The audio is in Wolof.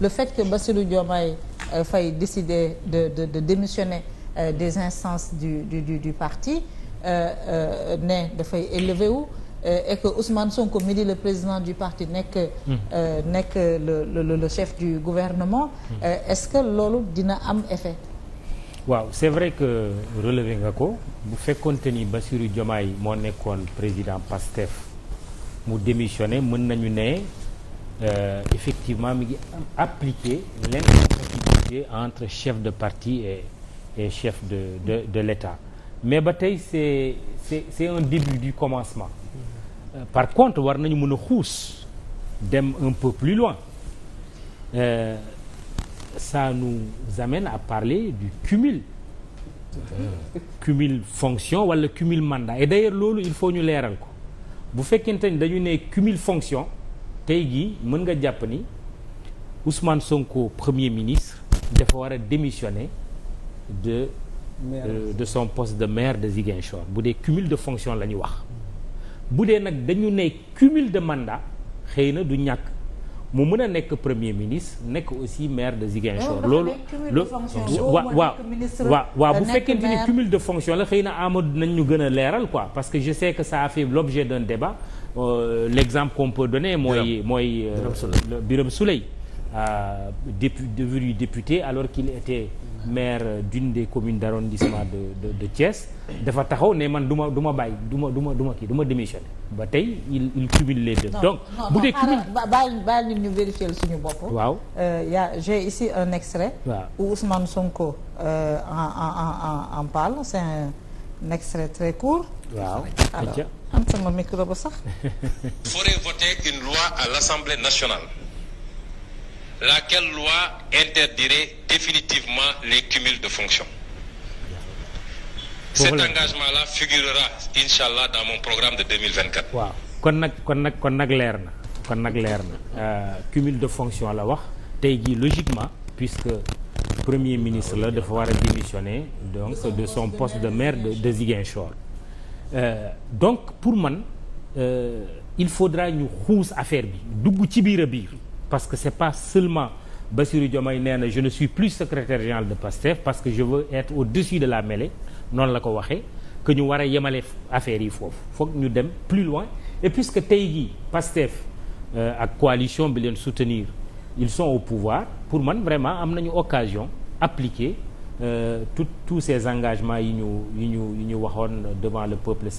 le fait que Bassirou Diomaye fay euh, Faye décider de de de démissionner euh, des instances du du du, du parti euh, euh ne dafay élevé wu et que Ousmane Sonko mi di le président du parti nekk. Hmm. nekk le le le chef du gouvernement. Hmm. est-ce que loolu dina am effet. waaw c'est vrai que relever nga ko bu fekkonte ni Bassirou Diomaye moo nekkoon président PASTEF mu démissionné mën nañu ne. Euh, effectivement mi ngi appliquer l'incompatibilité entre chef de parti et et chef de de de l'État mais ba tey c'est c'est c'est un début du commencement euh, par contre war nañu mën a xuus dem un peu plus loin euh, ça nous amène à parler du cumul cumul fonction wala cumul mandat et d'ailleurs loolu il faut ñu leeral ko bu fekkente ni dañu ne cumul fonction tey jii mën nga jàpp ni Ousmane Sonko premier ministre dafa war a démissionner de euh, de son poste de maire de Ziguinchor bu dee cumul de fonction la ñu wax bu dee nag dañu ne cumul de mandat xëy na du ñàkk mu mën a nekk premier ministre nekk aussi maire de Ziguinchor oh, loolu waaw waaw waaw waaw bu fekkente ni cumul de fonction la xëy na Amadou nañ ñu gën a leeral quoi parce que je sais que ça a fait l'objet d'un débat Euh, l'exemple qu'on peut donner mooy mooy euh, Birame Souleye euh, dépu devenu député alors qu'il était maire d'une des communes d'arrondissement de de de Thiès dafa taxaw ne man du ma du ma bàyyi du ma du du ma kii du ma ba tey il il cumule les deux. donc bu dee cumul baal baal ñu vérifier suñu bopp. waaw a j'ai ici un extrait. waaw où Ousmane Sonko en en en en parle c'est un extrait très court. waaw alors am sama micro sax. faudrait voter une loi à l'Assemblée nationale. laquelle loi interdirait définitivement les cumuls de fonction cet engagement la figurera inch'Allah dans mon programme de 2024. waaw kon nag kon nag kon nag leer na kon nag leer na euh, cumul de fonction la wax tey jii logiquement puisque. premier ministre la dafa war a démissionner donc de son poste de maire de, de Ziguinchor euh, donc pour man euh, il faudra ñu xuus affaire bi dugg ci biir a biir parce que c'est pas seulement Bassirou Diomaye nee na je ne suis plus secrétaire général de PASTEF parce que je veux être au-dessus de la mêlée noonu la ko waxee que ñu war a yemale affaire yi foofu foog ñu dem plus loin et puisque tey jii PASTEF euh, ak coalition bi leen soutenir ils sont au pouvoir pour man vraiment am nañu occasion appliquer euh, tout tous ces engagements yi ñu yi ñu yi ñu waxoon devant le peuple